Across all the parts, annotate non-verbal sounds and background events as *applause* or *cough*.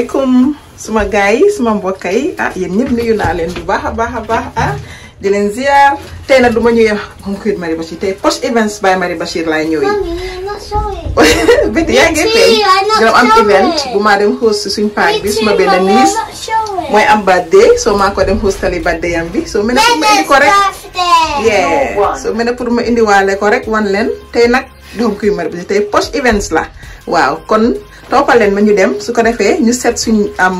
alaikum suma gay suma mbokay ah yeen iya, ñepp nuyu na leen bu baaxa a baax ah di leen ziar tey nag du ma mom home mari Marie Bachir Posh Events by mari bashir laay ñuy bit yaa ngi tey dina am event bu ma dem host suñ paak bi suma benn niis moy am birthday so ma ko dem hostali birthday am bi so mel ko indi ko rek. yeah so mel pour ma walé ko rek wan leen tay nak du home mari Marie Bachir tey Posh Events la waaw kon. toppal leen ma ñu dem su ko defee ñu seet suñ am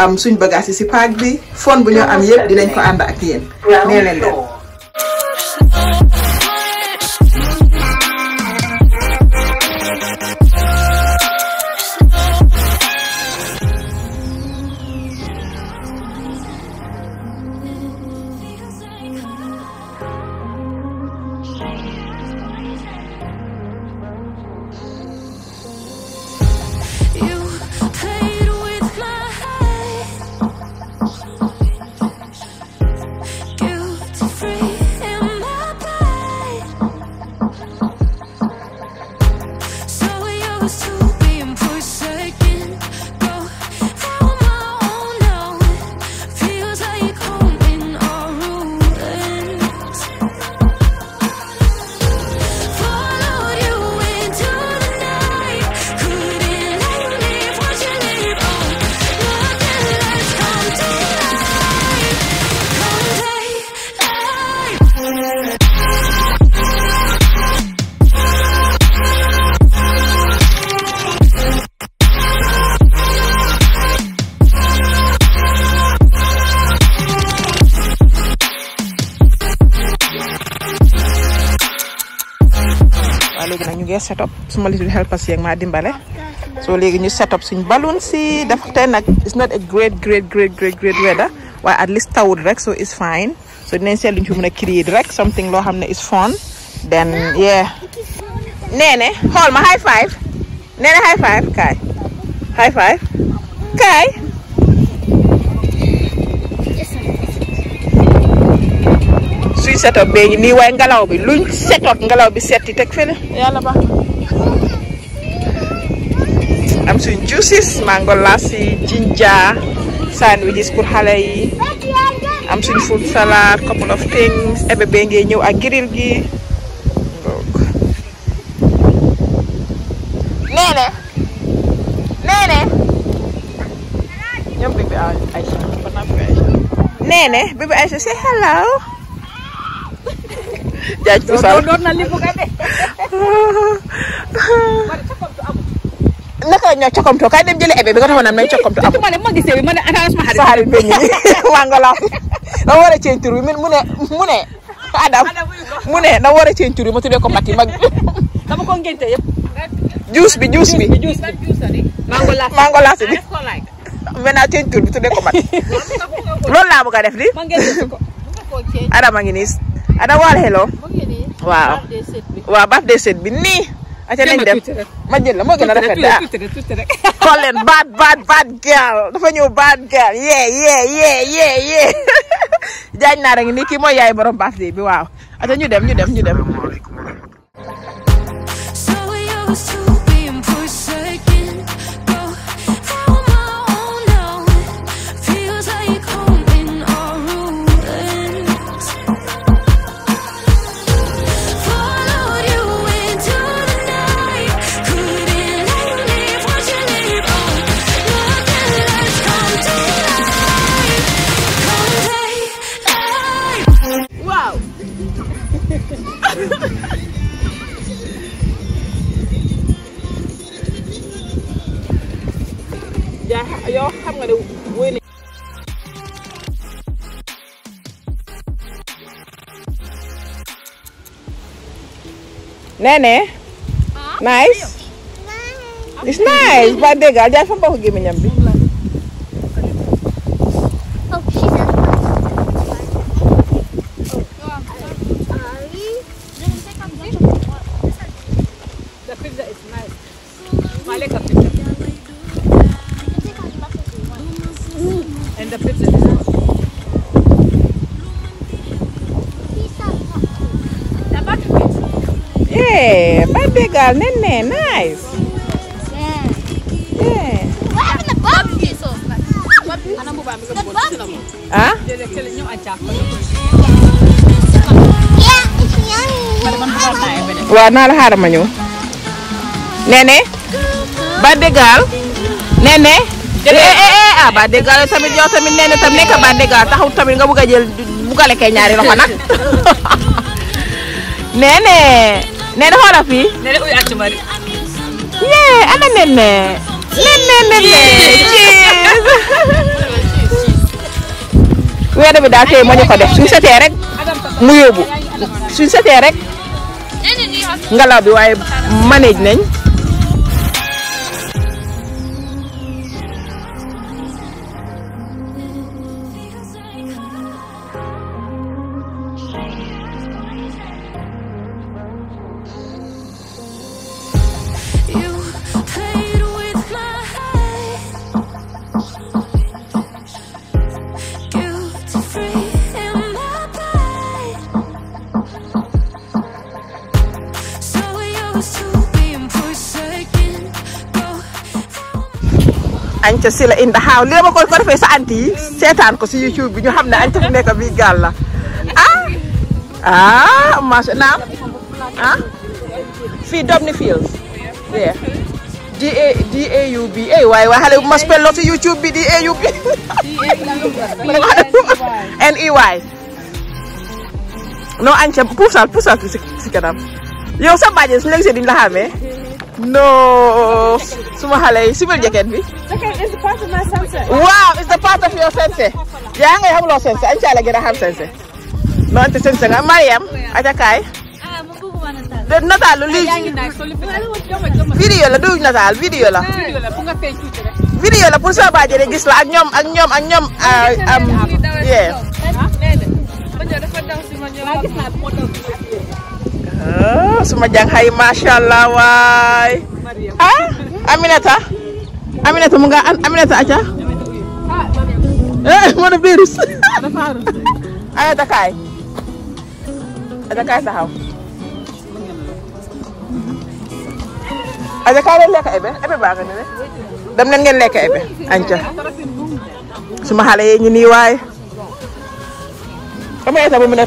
am suñ bagage yi si paak bi fone bu ñu am yëpp dinañ ko ànd ak yéen nee leen leen suma little helpers yeeg maa dimbale so léegi ñu set up suñ si dafa tey nag it's not a great great great great weather waaye at least tawut rek so it's fine so dinañ seet luñ fi mën a create rek something loo xam ne is fun then yeah Nene xool ma high five Nene high five kaay high five kaay suñ set up bee waaye ngelaw bi luñ set up bi setti teg fële yàlla baax am suñ juices mango lassi ginger sandwiches pour xale yi am suñ food salad couple of things ebe be ngey ñew ak grill gi nene nene ñom bibi aisha nene bibi aisha say hello jaaj ko sal don na libu ka de naka ñoo cokomto kay dem jëli ebe bi nga taxoon may cokomto amul ma ne ma gisee bi ma ne ana sama xarit sa xarit bi waa nga la a ceeñ bi mu ne mu ne Adam mu ne a ceeñ mag *laughs* *laughs* juus bi juus bi mango laas bi maintenant ceeñ tur bi tuddee ko Mati *laughs* loolu laa bëgg a Adam a ngi nii hello waaw waaw baf set bi nii aca nañ dem ma jël la moo gën a rafet ah *laughs* xool leen baat baat baat dafa ñëw baat gaal yee yee yee yee yee *laughs* jaañ naa rek ni kii mooy yaay borom baas bi waaw aca ñu dem ñu dem ñu dem ne ah, nice it's nice ba déggal jaay fa mbokk gémmiñam bi girl, Nene, nice. Yeah. Yeah. What happened to barbecue sauce? Huh? Wah, nara harma nyu. Nene, bande girl, Nene. Eh eh eh, eh ah bande girl tamit yow tamit Nene tam nekk bande girl taxaw tamit nga bëgg a jël bu kay ñaari loxo nag. *laughs* Nene. nee na xoolal fii. nee na uyu yee ana nenne. nenne nenne. cheers. weer bi daal tey moo ñu ko def suñu setee rek mu yóbbu suñu setee rek ngalaw bi waaye manage nañ. Agnata sila Inda Haw li ma koy ko defee sa anti Setan seetaan ko YouTube bi ñu xam ne Agnata fu nekk la ah ah mas. na ah fii Dobney Fields yeah D A D A U B a y. waay xale bu ma lo si YouTube bi D A U B *laughs* N E Y No Agnata Pusa, pusa. si kanam yow sa bàjjen su léegi duñ la no suma xale yi simil jacket bi. waaw it's the part of your sense. yaa ngay xamloo sense inchallah gën a xam sense. non te sense nga Mariam aca kaay. nataalu lii vidéo la du nataal vidéo la. vidéo la pour soo baajee gis la ak ñoom ak ñoom ak ñoom ah, ah, am. Oh, ah, sumajang hai mashallah wai. Ah, Aminata? Aminata munga Aminata aja. Eh, mana virus? Ada virus. Ayo takai. Ada kai sahau. Ada kai leka ebe, ebe baaga ne. Dem len ngeen ebe. Anca. Suma xale ñu ni waay. Sama eta bu mu ne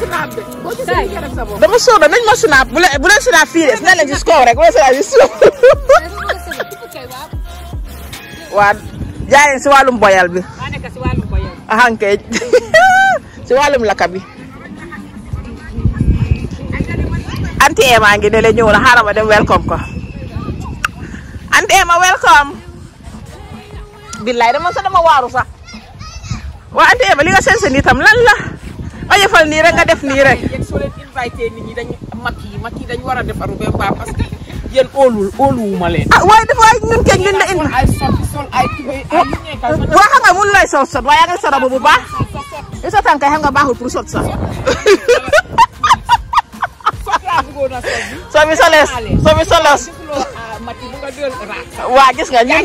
snap de boo gisee ma snap bu leen bu fii de na leen gis kaw rek bu leen snap gis suuf. waaw jaay si wàllum boyal bi. maa nekk si wàllum boyal. *laughs* laka bi. anti Ema ngi ne la ñëw na xaaral ma dem welcome ko. anti Ema welcome. billaay dama sa waaru sax. waa anti Ema li nga seen seen lan la. a fal ni rek nga def ni rek yeen so leen invité nit ñi dañu mag yi mag yi dañ war a defaru ba baax parce que yéen óolul óoluwuma leen ah way def way ñun keeg lin la indi ay sol sol ay tibé ay waa xam nga mu lay sol sol waya nga sa sorobu bu ba i sotan kay xam nga baaxul pour sot sax sobi solees sobi soles ah, waa gis nga ñun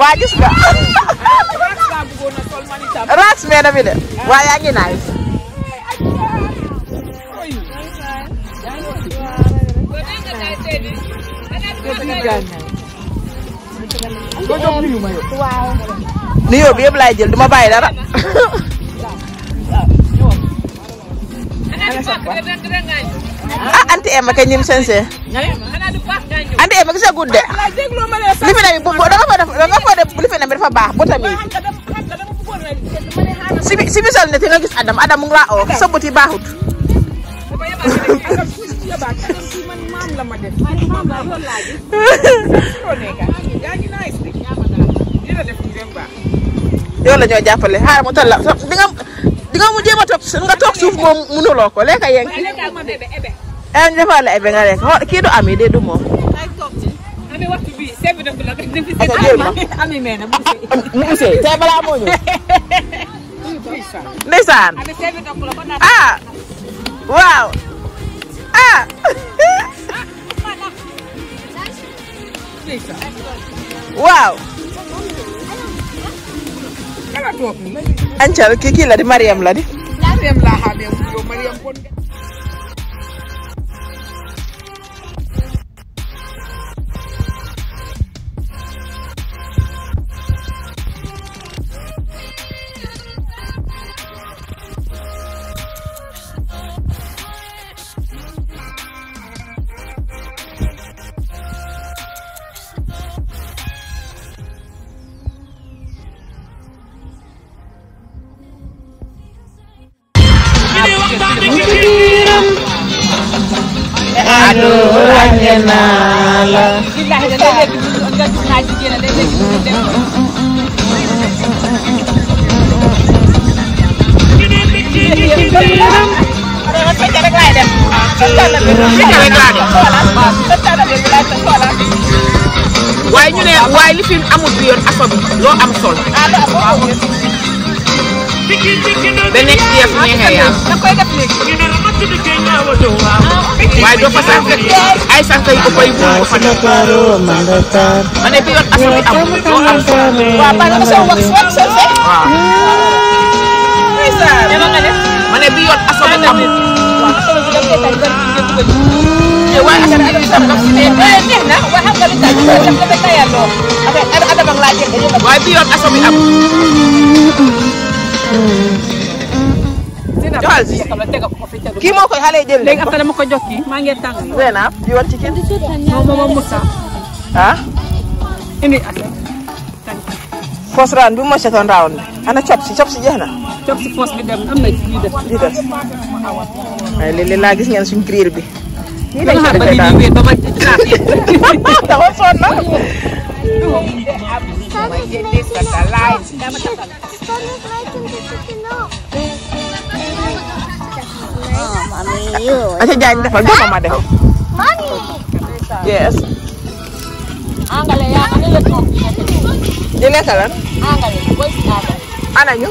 waa gis nga ah, raas meena bi de ah. waa yaa ngi nice Ghana. Ni yow yëpp laay jël duma bàyyi dara. ah anti Emma kañ ñim sensé. anti Emma gis nga gudd li fi ne boo da def da nga def li fi ne dafa bu ne te nga gis Adam Adam mu ngi laa oo tooñ la ma def. yow la ñoo jàppale mu toll la di nga moom mënuloo ko lekk yeng. ah defal la ebe nga lekk xool kii du ami de du moom. ok jéem balaa moo ñëw. ndeysaan ah waaw ah. *laughs* waaw. ancal kii la di Mariam la di. waaye ñu ne waaye li fi amul bi yoon aso bi loo am sol da nekk ci yas neexee yaa waaye doo fa sant ay sant yu ko koy wóor fa nekk ma ne bi bi am am sol ba nga wax sol sol bi bi Why be halay leg afta dama ko jokki ma tang you want chicken? mama Musa. Ini asa. Fosran bu ma seton round. Anak chop si chop si jehna cof si foos bi dem am ci def di def waaye léeg-léeg gis ngeen suñ criir bi nii dañ ko defee daal ba ma dama sonn na Aja jangan defal dia mama deh. Money. Yes. Anggale ya, ini lekong. Ini lekong. Anggale, bos anggale. Anaknya?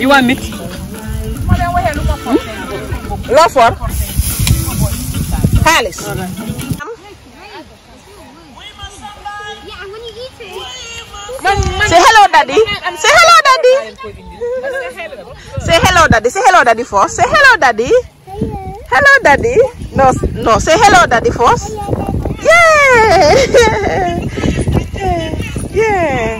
You want meat? Hmm? Love for? Palace. Say hello, daddy. Say hello, daddy. Say hello, daddy. Say hello, daddy first. Say hello, daddy. Hello, daddy. No, no. Say hello, daddy first. Yeah. *laughs* yeah.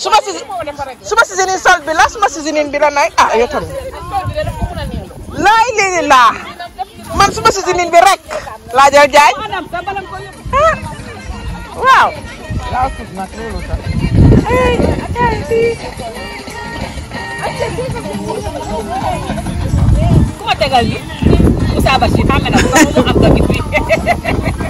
su ma si su ma si sinin sol bi la si sinin bi ah yow tamit laay lii laa man su si sinin rek laa jël jaay ah,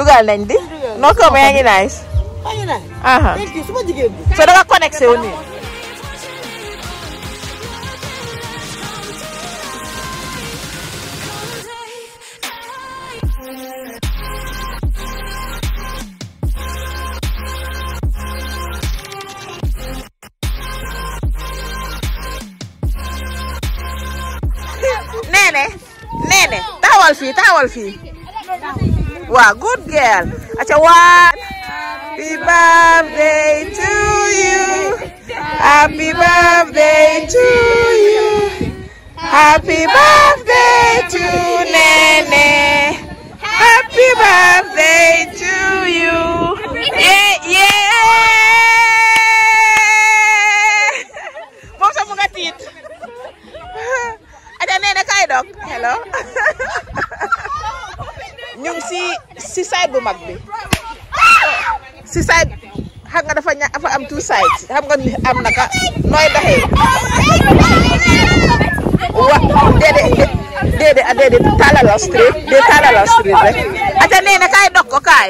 dugal nañ di. noo ko yaa ngi nice. maa ngi nice. léegi kii su ma jigéen bi. soo danga connecté wu nii. nee ne nee ne taawal fii taawal fii. Wow, good girl. Acha one. Happy birthday to you. Happy birthday to you. Happy birthday to Nene. Happy birthday to you. Yeah, yeah. side bu mag bi si side xam nga dafa ña dafa am two sides am naka nooy doxee wa déedéet déedéet a ah, déedéet tàllala street de tàllala street rek aca neene kaay dog ko kaay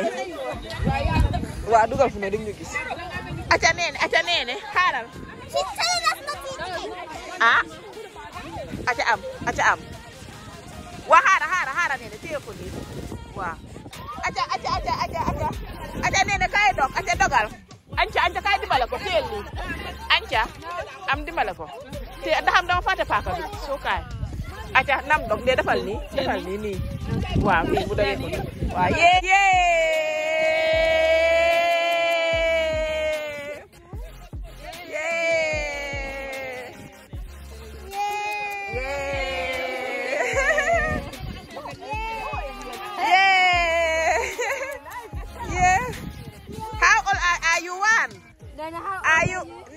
waaw dugal fu ne dañ ñu gis aca neene aca neene xaaral ah aca am aca am waa xaaral xaaral xaaral ko nii toog aca dogal anca anca kay dimbale ko teel lii anca am dimbale ko te ndaxam dama fàtte paaka bi soo nam dog de defal nii defal nii nii waaw kii bu doyee ko waaw yee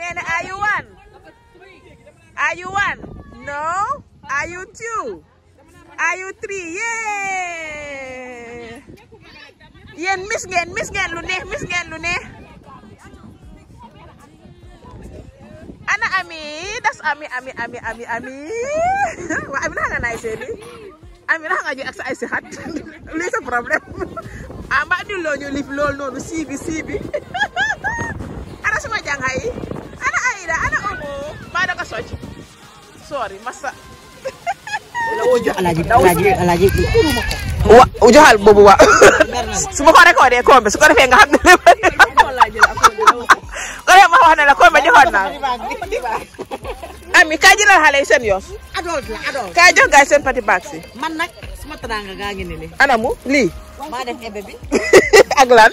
Nene, are you one? Are you one? No? Are you two? Are you three? Yeah! Yen miss yen miss yen lu miss yen lu Anak ana ami das ami ami ami ami ami wa ami nana nai seeni ami nana ngaji aksa ai sehat. ay sihat problem. Amak di lo ñu lif lool sibi sibi ara *laughs* sama jangay baada ka socc sorry massa alaaji alaaji alaaji wa joxal boobu wa su ma ko recordé kombe su ko defee a xam ne lépp ko defee ma wax ne ami kaa jëlal xale yi seen yoos kaa jox gaay seen pati baag man nag suma teraanga gaa ngi anamu lii *laughs* ak lan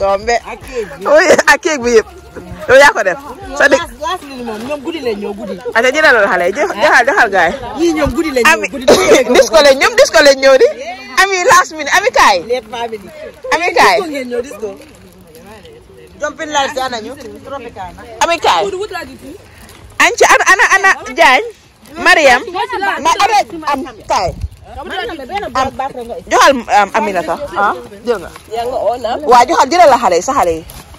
kombe ak *laughs* keeg bi yow yaa ko def. sa dëkk glace li moom ñoom guddi lañ ñëw guddi. yi joxal *laughs* di. ami last minute ami kaay. lépp famille. ami kaay ami kaay. añ ana ana Mariam ma ana am kaay. joxal Aminata ah waa joxal jëlal la sa xale yi.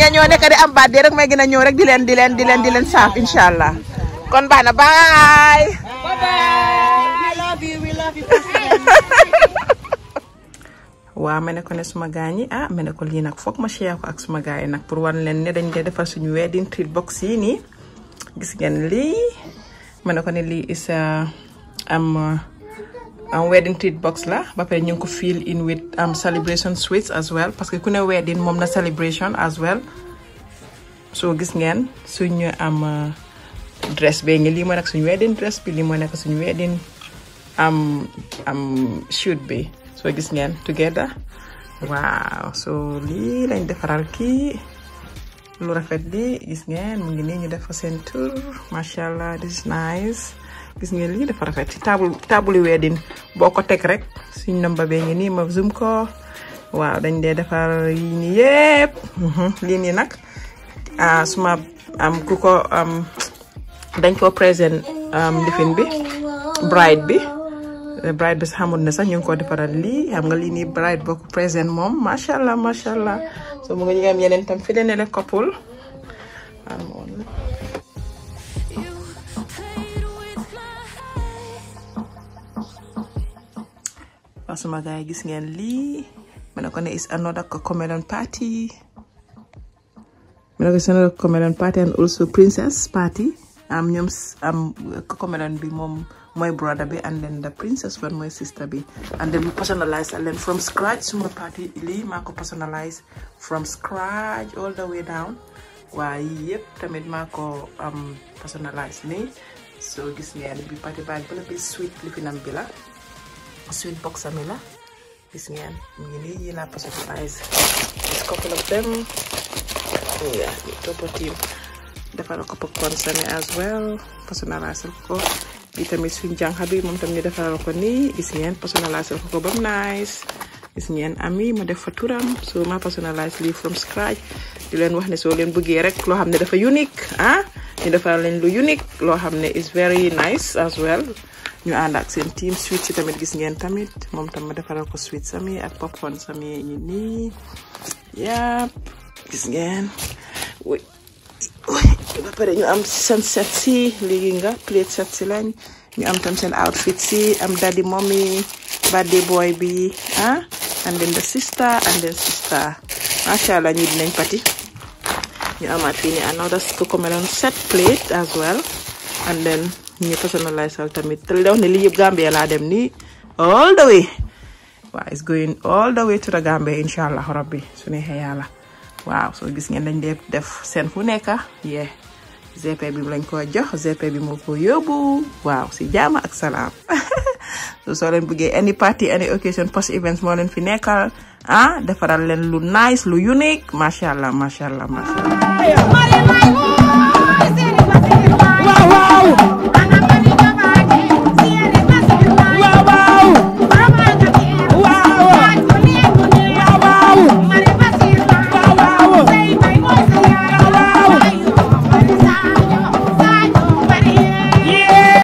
nga ñoo nekk di am baat di rek may gën a ñëw rek di leen di leen di leen di leen saaf incha allah kon baax na bye. waaw ma ne ko ne suma gaañ yi ah ma ne ko lii nag foog ma share ko ak suma gaañ yi nag pour wan leen ne dañ dee defar suñu wedding treat box yi nii gis ngeen lii ma ne ko ne lii is am um, wedding treat box la ba pare ñu ko fill in with um, celebration sweets as well parce que ku ne wedding moom na celebration as well so gis ngeen suñu am um, dress be ngi lii mooy nag suñu wedding dress bi lii mooy nag suñu wedding am um, am um, shoot be. so gis ngeen together Wow. so li lañ defaral kii lu rafet li gis ngeen mu ngi nii ñu def seen tour macha this is nice gis ngeen lii dafa rafet ci table table boo ko teg rek suñ namba bee ngi nii ma zoom ko waaw dañ dee defar yii nii yëpp mhm, lii nii nag ah suma am ku ko am dañ ko présent lifin bi bride bi bride bi sax xamul ne sax ñu ngi ko defaral lii xam nga lii nii bride boo ko présent moom macha allah macha allah so mu ngi am yeneen tam fi leen couple Pasuma guy gis ngeen lii ne is another cocomelon party ma is another cocomelon party and also princess party am ñoom am cocomelon bi mom my brother bi and then the princess for my sister bi and then we personalize and then from scratch suma party li mako ko personalize from scratch all the way down waaye yep, tamit maa ko um, personalize ni so gis ngeen bi party bag gonna be sweet looking bi la sweet box am yi la gis ngeen mu ngi nii yi la pochette size just couple of them yeah topo team defal ko popcorn as well personalisal ko bi tamit suñ jànxa bi moom tam dapat defaral ko nii gis ngeen personalisal ko ko bam nice gis ngeen ami ma def fa turam so ma personalise from scratch di leen wax ne soo leen bëggee rek loo dafa unique ah ñu defal leen lu unique loo xam ne is very nice as well ñu ànd ak seen team sweet ci tamit gis ngeen tamit moom tam ma defaral ko suite sami ak popcorn sami ñi ni yap gis ngeen ba pare ñu am seen set si léegi nga plate set si lañ ñu am tam seen outfit si am daddy mommy birthday boy bi ah and then the sister and then sister macha allah ñu dinañ pati you ya, and fii nii another Cocomelon set plate as well and then ñu personalize al tamit te li wax ne lii yëpp Gambia la dem ni all the way wow, it's going all the way to the Gambia inshallah allah rabbi su hayala wow so soo gis ngeen dañ dee def seen fu nekka yeah GP bi lañ ko jox GP bi mo ko yobu wow si jama ak *laughs* So so leen bëggee any party any occasion post events mo leen fi nekkal ah defaral leen lu nice lu unique macha allah macha allah macha allah.